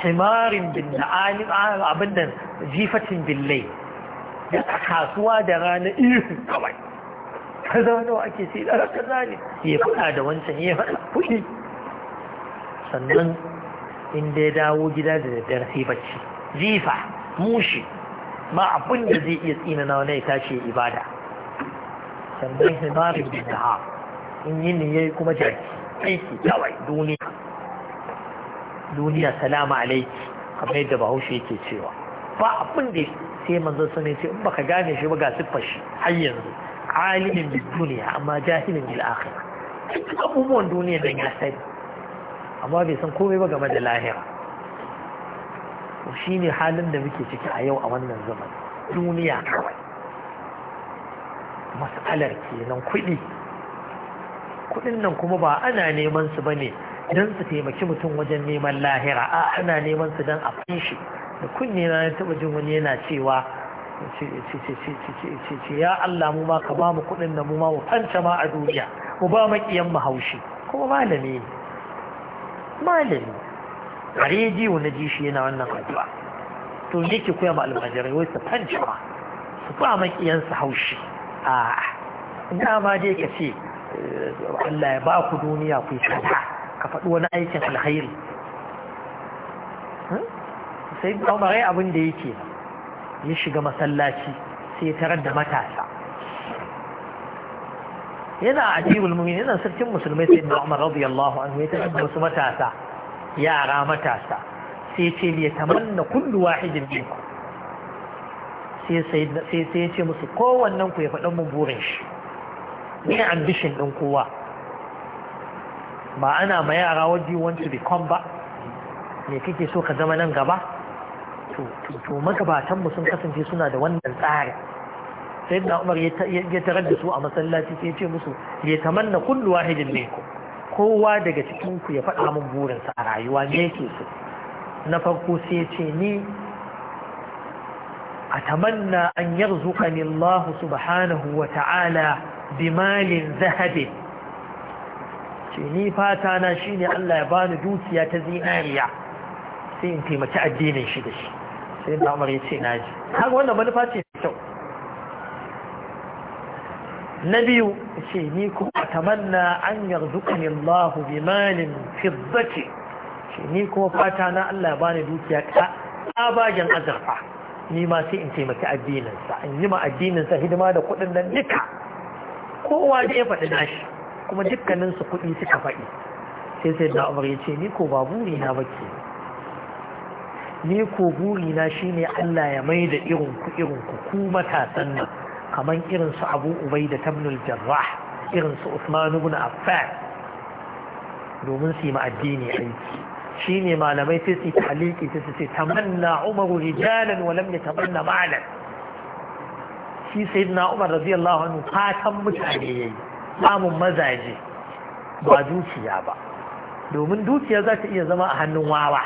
himarin bin na'alim abin nan jifatin billai da kasuwa da rana ihu kawai kaza wani ake sai da kaza ne ya faɗa da wancan ya faɗa kuɗi sannan in dai dawo gida da daddare sai bacci jifa mushi ba abin da zai iya tsina na wani ya tashi ibada sannan himarin bin da in yi ne yayi kuma jaki aiki kawai duniya duniya salama alaiki kamar yadda bahaushe yake cewa ba abin da sai manzon sun ce in baka gane shi ba ga siffar shi har yanzu alimin bil duniya amma jahilin bil akhirah abubuwan duniya dan ya sani amma bai san komai ba game da lahira shi ne halin da muke ciki a yau a wannan zaman duniya matsalar kenan kuɗi kuɗin nan kuma ba ana neman su ba ne don su taimaki mutum wajen neman lahira a ana neman su don a fanshi da kunne na taɓa jin wani yana cewa ya Allah mu ma ka ba mu kuɗin da mu ma mu fanta ma a duniya mu ba maƙiyan mu kuma malami malami a rediyo na ji shi yana wannan addu'a to ne ke koya ma almajirai wai su fanci ma su ba su haushi a dama dai ka ce eh, Allah ya ba ku duniya ku yi ka faɗi wani aikin alkhairi hmm? sai umarai abin da yake ya shiga masallaci sai ya tarar da matasa yana ajiyar mulmumi yana sarkin musulmai sai da umar radiyallahu anhu ya tarar da wasu matasa yara matasa sai ce liya tamanna kullu wahidin minkum sai sai ce musu kowannen ku ya faɗa mu burin shi ne ambition ɗin kowa ba ana ma yara what do you want to become ba me kake so ka zama nan gaba to magabatan mu sun kasance suna da wannan tsari sai da umar ya tarar da su a masallaci sai ce musu ya tamanna kullu wahidin minkum kowa daga cikin ku ya faɗa mun burinsa a rayuwa ne ke so na farko sai ya ce ni a tamanna an yi zuƙanin Allah subhanahu wa ta'ala bimalin zahabin ce ni fata na shine Allah ya bani dukiya ta zinariya sai in taimaki addinin shi da shi sai da amur ya ce na ji har wannan manufa ce na biyu ce ni kuma tamanna an yarzuqani Allah bi malin fiddati ce ni kuma fata na Allah bani dukiya ka abajan azurfa ni ma sai in taimaki addininsa in yi ma addininsa hidima da kuɗin nan duka kowa da ya faɗi nashi kuma dukkaninsu kuɗi suka faɗi sai sai na umar ya ce ni ko ba buri na ba ke ni ko buri na shine Allah ya mai da irin ku irin ku ku matasan nan kamar irin su abu ubai da tabnul jarrah irin su usman ibn affan domin su yi ma'addini aiki shi ne malamai sai su yi taliki sai su ce tamanna umaru rijalan wa lam yatamanna malan shi na umar radiyallahu anhu fatan mutane ya yayi samun mazaje ba dukiya ba domin dukiya za ta iya zama a hannun wawa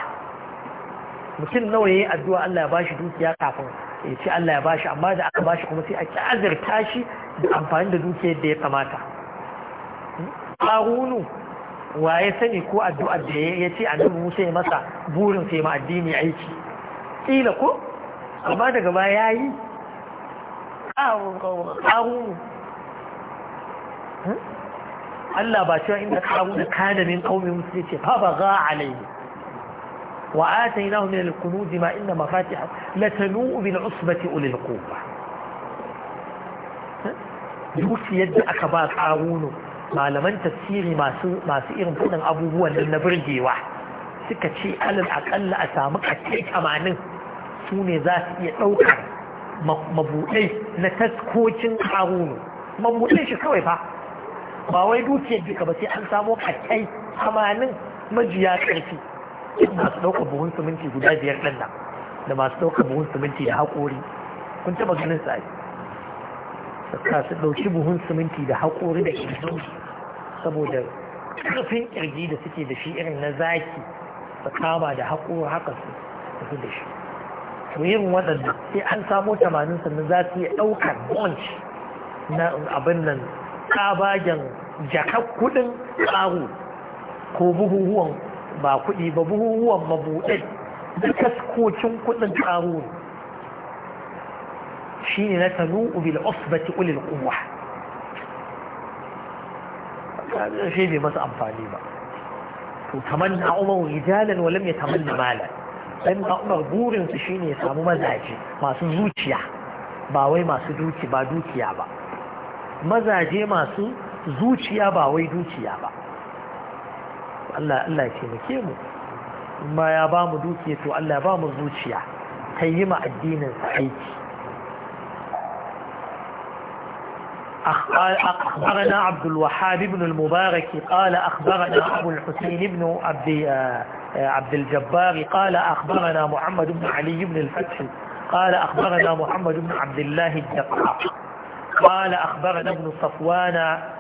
mutum nawa yayi addu'a Allah ya bashi dukiya kafin ya ce Allah ya bashi amma da aka bashi kuma sai a ki azirta shi da amfani da dukiyar da ya kamata ƙarunu wa ya sani ko addu'ar da ya ce annabi Musa ya masa burin sai ma addini aiki Ƙila ko amma daga baya yi ƙarunu hmm? Allah ba cewa inda ƙarunu kana min qaumin musulmi ce fa ba za alaihi وآتيناه من الكنوز ما إن مفاتحه لتنوء بالعصبة أولي القوة دوكي يد أكبار عاونه malaman tafsiri masu irin kudin abubuwan nan na birgewa suka ce alal akalla a samu kace 80 su ne za su iya ɗaukar mabuɗai na taskocin harunu mabuɗai shi kawai fa ba wai dukiyar duka ba sai an samo kace 80 majiya ƙarfi in masu ɗaukar buhun siminti guda biyar ɗan nan da masu ɗaukar buhun siminti da haƙori kun taɓa ganin su ai ka su ɗauki buhun siminti da haƙori da ƙirjin saboda ƙarfin ƙirji da suke da shi irin na zaki su kama da haƙori haka su tafi da shi to yin waɗanda sai an samo tamanin sannan za su iya ɗaukar bunch na abin nan ƙabagen jakar kuɗin ƙaru ko buhuhuwan ba kuɗi ba buhuhuwan mabuɗai da kaskocin kuɗin ƙaru shi ne na tanu ubil osbati ulil quwwa shi bai masa amfani ba to kamar tamanna umar rijalan ya lam yatamanna malan dan umar burin su ne ya samu mazaje masu zuciya ba wai masu duki ba dukiya ba mazaje masu zuciya ba wai dukiya ba Allah Allah ya taimake mu ma ya ba mu dukiya to Allah الدين mu zuciya yi ma addinin sa aiki أخبرنا عبد الوهاب بن المبارك قال أخبرنا أبو الحسين بن عبد عبد الجبار قال أخبرنا محمد بن علي بن الفتح قال أخبرنا محمد بن عبد الله الدقاق قال أخبرنا ابن صفوان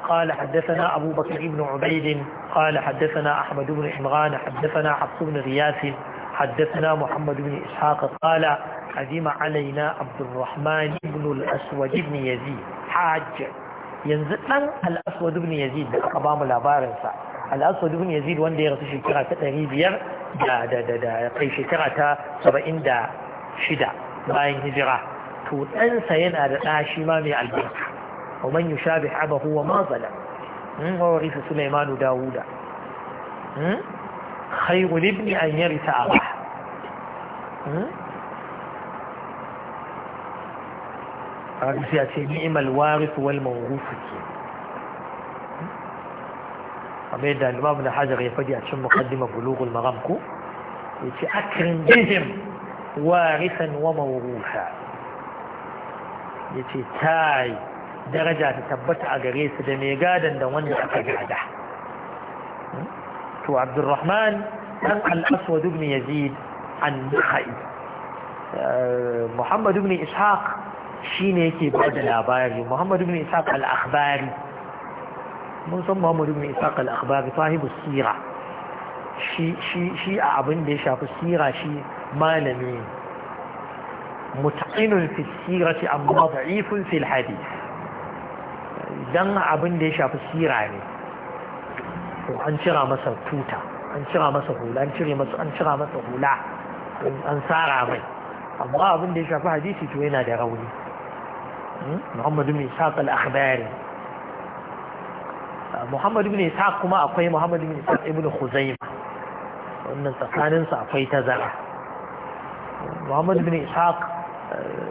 قال حدثنا أبو بكر بن عبيد قال حدثنا أحمد بن حمغان حدثنا حفص بن غياث حدثنا محمد بن إسحاق قال قدم علينا عبد الرحمن بن الأسود بن يزيد حاج ينزل الأسود بن يزيد أقبام الأبارنسا الأسود بن يزيد وان ديرت شكرة تقريبير دا دا دا دا قي شكرة سبعين دا شدا باين هجرة تو أنسى ينأل ناشي مامي البركة ومن يشابه عبه وما ظلم وورث سليمان داود خير لابن أن يرث أباه نعم الوارث والموروث أبدا ما من حجر يفدي عشان مقدمة بلوغ المغامكو يتي أكرم بهم وارثا وموروثا يتي تاي daraja ta tabbata a gare su da mai gadon da wanda aka gada to abdurrahman dan al-aswad ibn yazid an-nakhai muhammad ibn ishaq shine yake ba da labari muhammad ibn ishaq al-akhbari mun san muhammad ibn ishaq al-akhbari sahibu sira shi shi shi a abin da ya shafi sira shi malami mutaqinun fi sirati amma da'ifun fil hadith idan abin da ya shafi sira ne to an cira masa tuta an cira masa hula an cire masa an cira masa hula an tsara mai amma abin da ya shafi hadisi to yana da rauni hmm? muhammadu bin isaq al-akhbari ah, muhammadu mai isaq kuma akwai muhammadu mai isaq ibn khuzaima wannan tsakanin akwai tazara muhammadu mai isaq eh,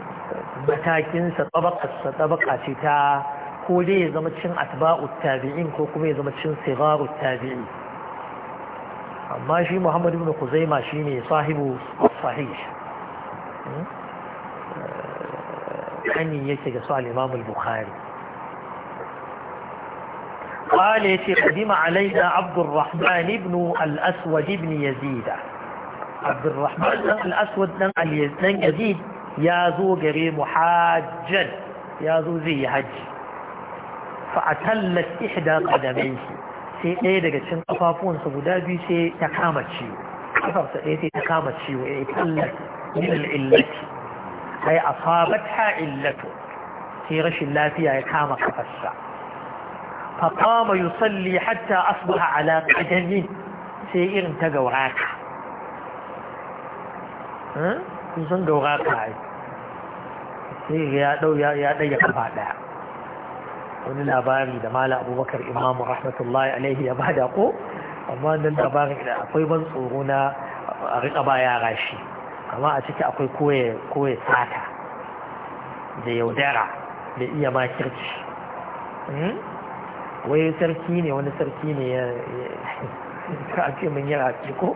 matakinsa sa ce ta كولي زمتشن أتباع التابعين كوكمي زمتشن صغار التابعين ما شي محمد بن قزي ما شي صاحب صحيح أني يتجا سؤال الإمام البخاري قال يتي قدم علينا عبد الرحمن بن الأسود بن يزيد عبد الرحمن بن الأسود بن يزيد يا يازو قريم حاجا يازو زي حجي fa'atallat ihda qadamaihi sai ɗaya daga cikin kafafuwansa guda biyu sai ta kama ciwo kafarsa ɗaya sai ta kama ciwo ya tallat min al'illati ai asabatha illatu sai rashin lafiya ya kama kafarsa fa qama yusalli hatta asbaha ala qadami sai irin ta gauraka eh gauraka ai sai ya ɗau ya ɗaya kafa ɗaya wani labari da mala abubakar imamu rahmatullahi alaihi ya bada ko amma wannan labarin da akwai ban tsoro na a riƙa ba yara shi amma a ciki akwai koya sata da yaudara da iya makirci hmm? wai sarki ne wani sarki ne ya ka ce min yara ce ko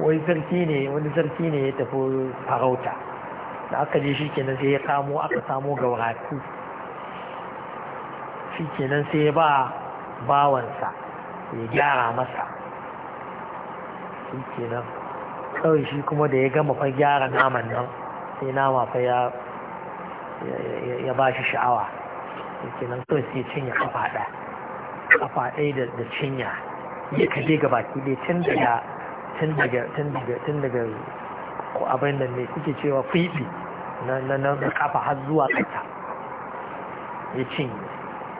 wai sarki ne wani sarki ne ya tafi farauta da aka je shi kenan sai ya kamo aka samo gawarati shi kenan sai ya ba bawansa ya gyara masa shi kenan kawai shi kuma da ya gama fa gyara naman nan sai nama fa ya ya ba shi sha'awa shi kenan kawai sai cinye kafa ɗaya kafa ɗaya da cinya ya kaje gaba ki dai tun daga tun daga tun daga tun daga abin da ne kuke cewa fifi na na na kafa har zuwa ƙasa ya cinye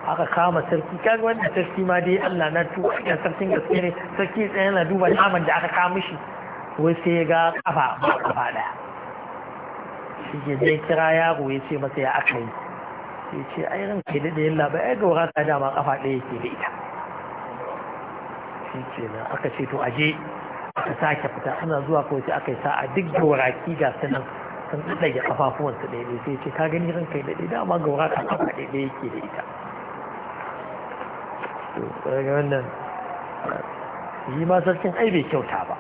aka kama sarki kaga wanda sarki ma dai Allah na tuwa ya sarkin gaske ne sarki tsaye yana duba naman da aka kama shi wai sai ya ga kafa ba kafa daya shi ke zai kira yaro ya ce masa ya aka yi sai ce ai ran kai da yalla labai ai ga wurata dama kafa ɗaya ke da ita shi ke nan aka ce to aje aka sake fita ana zuwa kawai sai aka yi sa'a duk gauraki ga sanan sun ɗaɗɗage kafafuwansu ɗaya ɗaya sai ce ka gani ran kai da ɗaya dama gaurata kafa ɗaya ɗaya ke da ita to daga wannan yi ma sarkin ai bai kyauta ba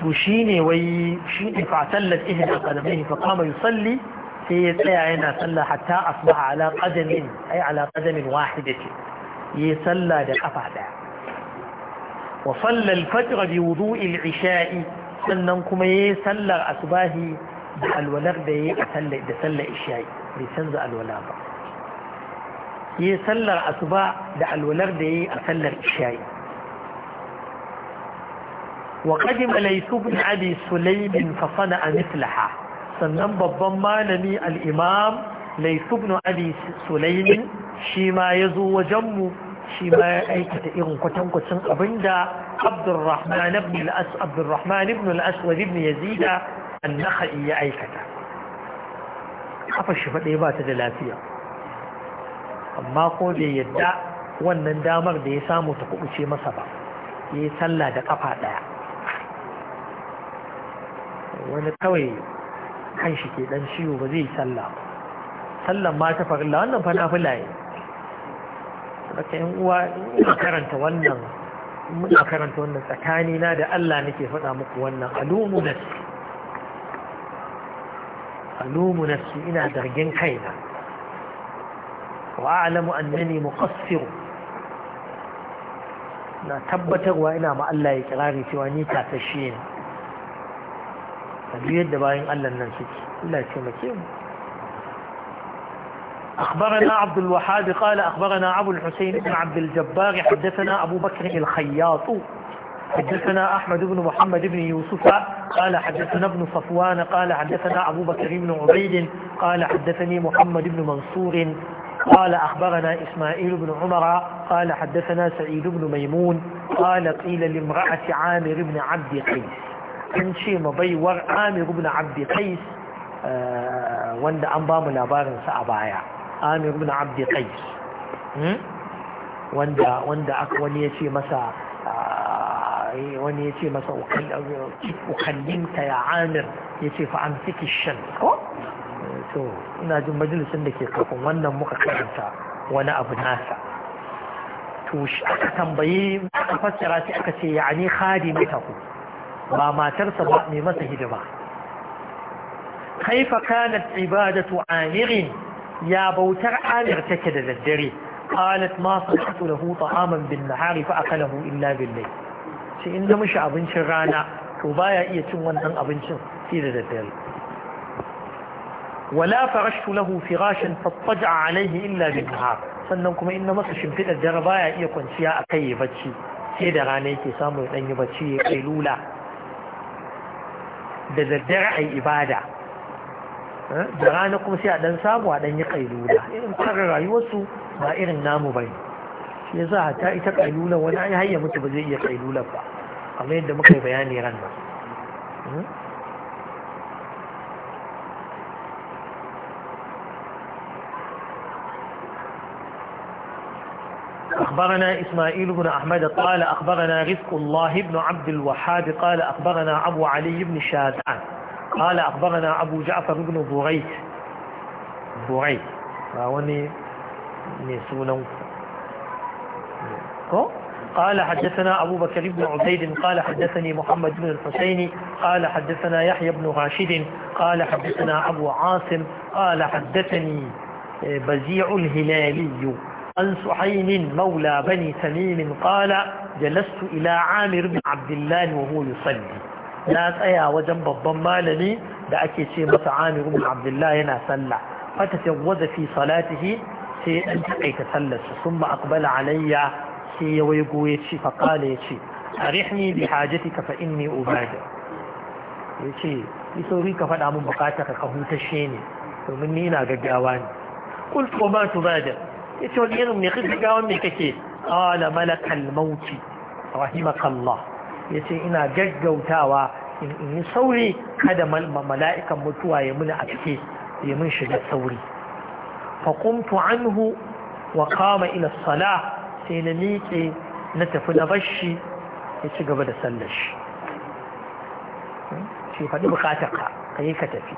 to shi ne wai shi ne fatallar ihin a ƙadamai fa kama yi salli sai ya tsaya yana sallah hatta asbaha ala qadamin ai ala qadamin wahidati yi sallah da kafa daya wa salla al-fajr bi wudu'i al-isha'i sannan kuma yayi sallar asbahi da alwalar da yayi da sallar isha'i bai canza alwala ba yi sallar asuba da alwalar da ya yi a sallar ishayi وقدم ليث بن أبي سليم فصنع مثلها sannan babban malami al'imam ليث بن أبي سليم shi ma ya zo wajenmu shi ma ya aikata irin kwatankwacin abinda abdurrahman ibn al'aswad ibn yazida annaka iya aikata kafa shi faɗe ba ta da lafiya amma ko bai yadda wannan damar da ya samu ta kubuce masa ba ya yi sallah da kafa ɗaya wani kawai kan shi ke ɗan ciwo ba zai yi sallah sallan ma ta farilla wannan fana fila ne daga yan uwa ina karanta wannan muna karanta wannan tsakani na da Allah nake faɗa muku wannan alumu nafsi alumu nafsi ina zargin kaina وأعلم أنني مقصر لا tabbatarwa ina ما Allah يكراني kirari cewa ni kasashe ne a duk yadda bayan Allah أخبرنا عبد الوهاب قال أخبرنا أبو الحسين بن عبد الجبار حدثنا أبو بكر الخياط حدثنا أحمد بن محمد بن يوسف قال حدثنا ابن صفوان قال حدثنا أبو بكر بن عبيد قال حدثني محمد بن منصور قال أخبرنا إسماعيل بن عمر قال حدثنا سعيد بن ميمون قال قيل لامرأة عامر بن عبد قيس أن شي مبيور عامر بن عبد قيس وند أنبام لابارن سأبايا عامر بن عبد قيس وند وند أكوني يشي مسا wani شي مسا masa ukallinka ya amir ya ce to ina jin majalisun da ke kafin wannan muka karanta wani abu nasa to shi aka tambayi aka fassara shi aka ce ya ne mata ku. ba matarsa ba mai masa hidima kaifa kanat ibadatu amirin ya bautar amir take da daddare قالت ما صنعت له طعاما بالنهار illa إلا بالليل in إن shi abincin rana to baya iya cin wannan abincin sai da daddare ولا فرشت له فراشا فاضطجع عليه إلا بالنهار sannan kuma in na masa shimfiɗar dare baya iya kwanciya a kai ya bacci sai da rana yake samu ya yi bacci ya kai lula da daddare a yi ibada da rana kuma sai a ɗan samu a yi kai lula irin tsarin rayuwarsu ba irin namu ba ne, ya za ta ita kai lula wani an hayya mutu ba zai iya kai lula ba amma yadda muka yi bayani ran nan أخبرنا إسماعيل بن أحمد قال أخبرنا رزق الله بن عبد الوهاب قال أخبرنا أبو علي بن شادان قال أخبرنا أبو جعفر بن بريد بريد فأوني نسونا قال حدثنا أبو بكر بن عبيد قال حدثني محمد بن الحسين قال حدثنا يحيى بن راشد قال حدثنا أبو عاصم قال حدثني آه، بزيع الهلالي عن سحيم مولى بني تميم قال جلست إلى عامر بن عبد الله وهو يصلي لا تأيا وجنب الضمالني دعكي شيمة عامر بن عبد الله ينسلع فتجوز في صلاته sai an taƙaita sallarsa sun ba aqbala alayya sai ya waigo ya ce faƙala ya ce arihni sauri ka faɗa min bukata ka hutashe ne domin ni na gaggawa ne qultu ma bada. ya ce wani irin mai kake gawan mai kake ƙala malakan mauti rahimakallah ya ce ina gaggautawa in yi sauri kada mala'ikan mutuwa ya muni a cike ya mun shiga sauri faƙumtu anhu wa kama ila salah sai na miƙe na tafi na bashi ya ci gaba da sallar shi ce faɗi bukatar ka ka yi ka tafi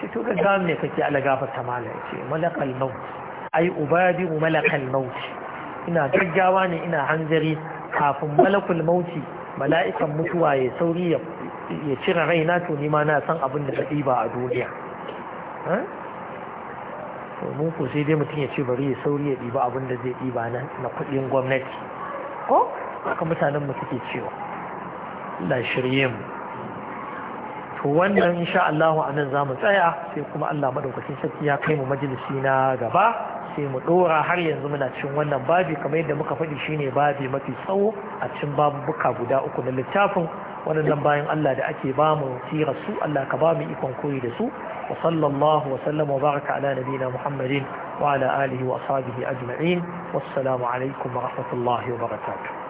ce to gaggawa ne kake ala gafarta malam ce malakal mauti ai ubadi malakal mauti ina gaggawa ne ina hanzari kafin malakul mauti mala'ikan mutuwa ya sauri ya cire raina to nima na san abin da daɗi ba a duniya mun ku sai dai mutum ya ce bari ya sauri ya ɗiba abin da zai ɗiba na kuɗin gwamnati ko haka mutanen mu suke cewa Allah shirye mu to wannan insha Allah a nan tsaya sai kuma Allah madaukakin sarki ya kai mu majalisi na gaba sai mu dora har yanzu muna cikin wannan babi kamar yadda muka faɗi shine babi mafi tsawo a cikin babuka guda uku na littafin wannan bayan Allah da ake ba mu sirar su Allah ka ba mu ikon koyi da su wa sallallahu wa sallama wa baraka ala nabiyina Muhammadin wa ala alihi wa ashabihi ajma'in wassalamu alaikum wa rahmatullahi wa barakatuh